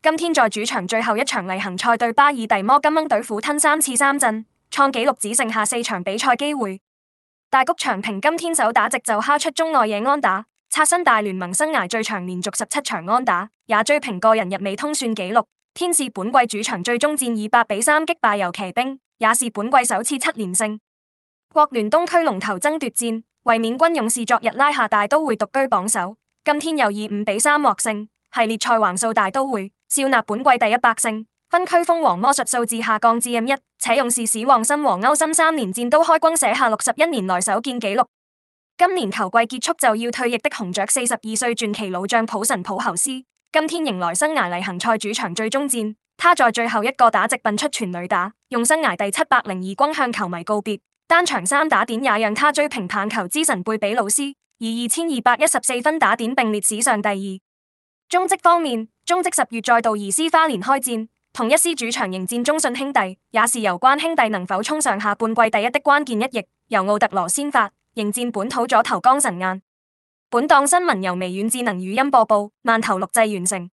今天在主場最後一場例行賽對巴爾的摩金鶯隊苦吞三次三振，創紀錄，只剩下四場比賽機會。大谷翔平今天首打席就敲出中外野安打，刷新大聯盟生涯最長連續十七場安打，也追平個人日美通算紀錄。天使本季主場最終戰以八比三擊敗遊騎兵，也是本季首次七連勝。國聯東區龍頭爭奪戰，衛冕軍勇士昨日拉下大都會獨居榜首，今天又以五比三獲勝，系列賽橫掃大都會。笑納本季第一百勝，分區封王魔術數字下降至 M1，且勇士史旺森和歐森三連戰都開轟寫下六十一年來首見紀錄。今年球季結束就要退役的紅雀四十二歲，歲傳奇老將普神普侯斯，今天迎來生涯例行賽主場最終戰，他在最後一個打席奔出全壘打，用生涯第七百零二轟向球迷告別，單場三打點也讓他追平棒球之神貝比魯斯，以二千二百一十四分打點並列史上第二。中職方面，中職十月再度移師花蓮開戰，統一獅主場迎戰中信兄弟，也是有關兄弟能否衝上下半季第一的關鍵一役。由奧特羅先發，迎戰本土左投江神眼。本檔新聞由微軟智能語音播報，慢頭錄製完成。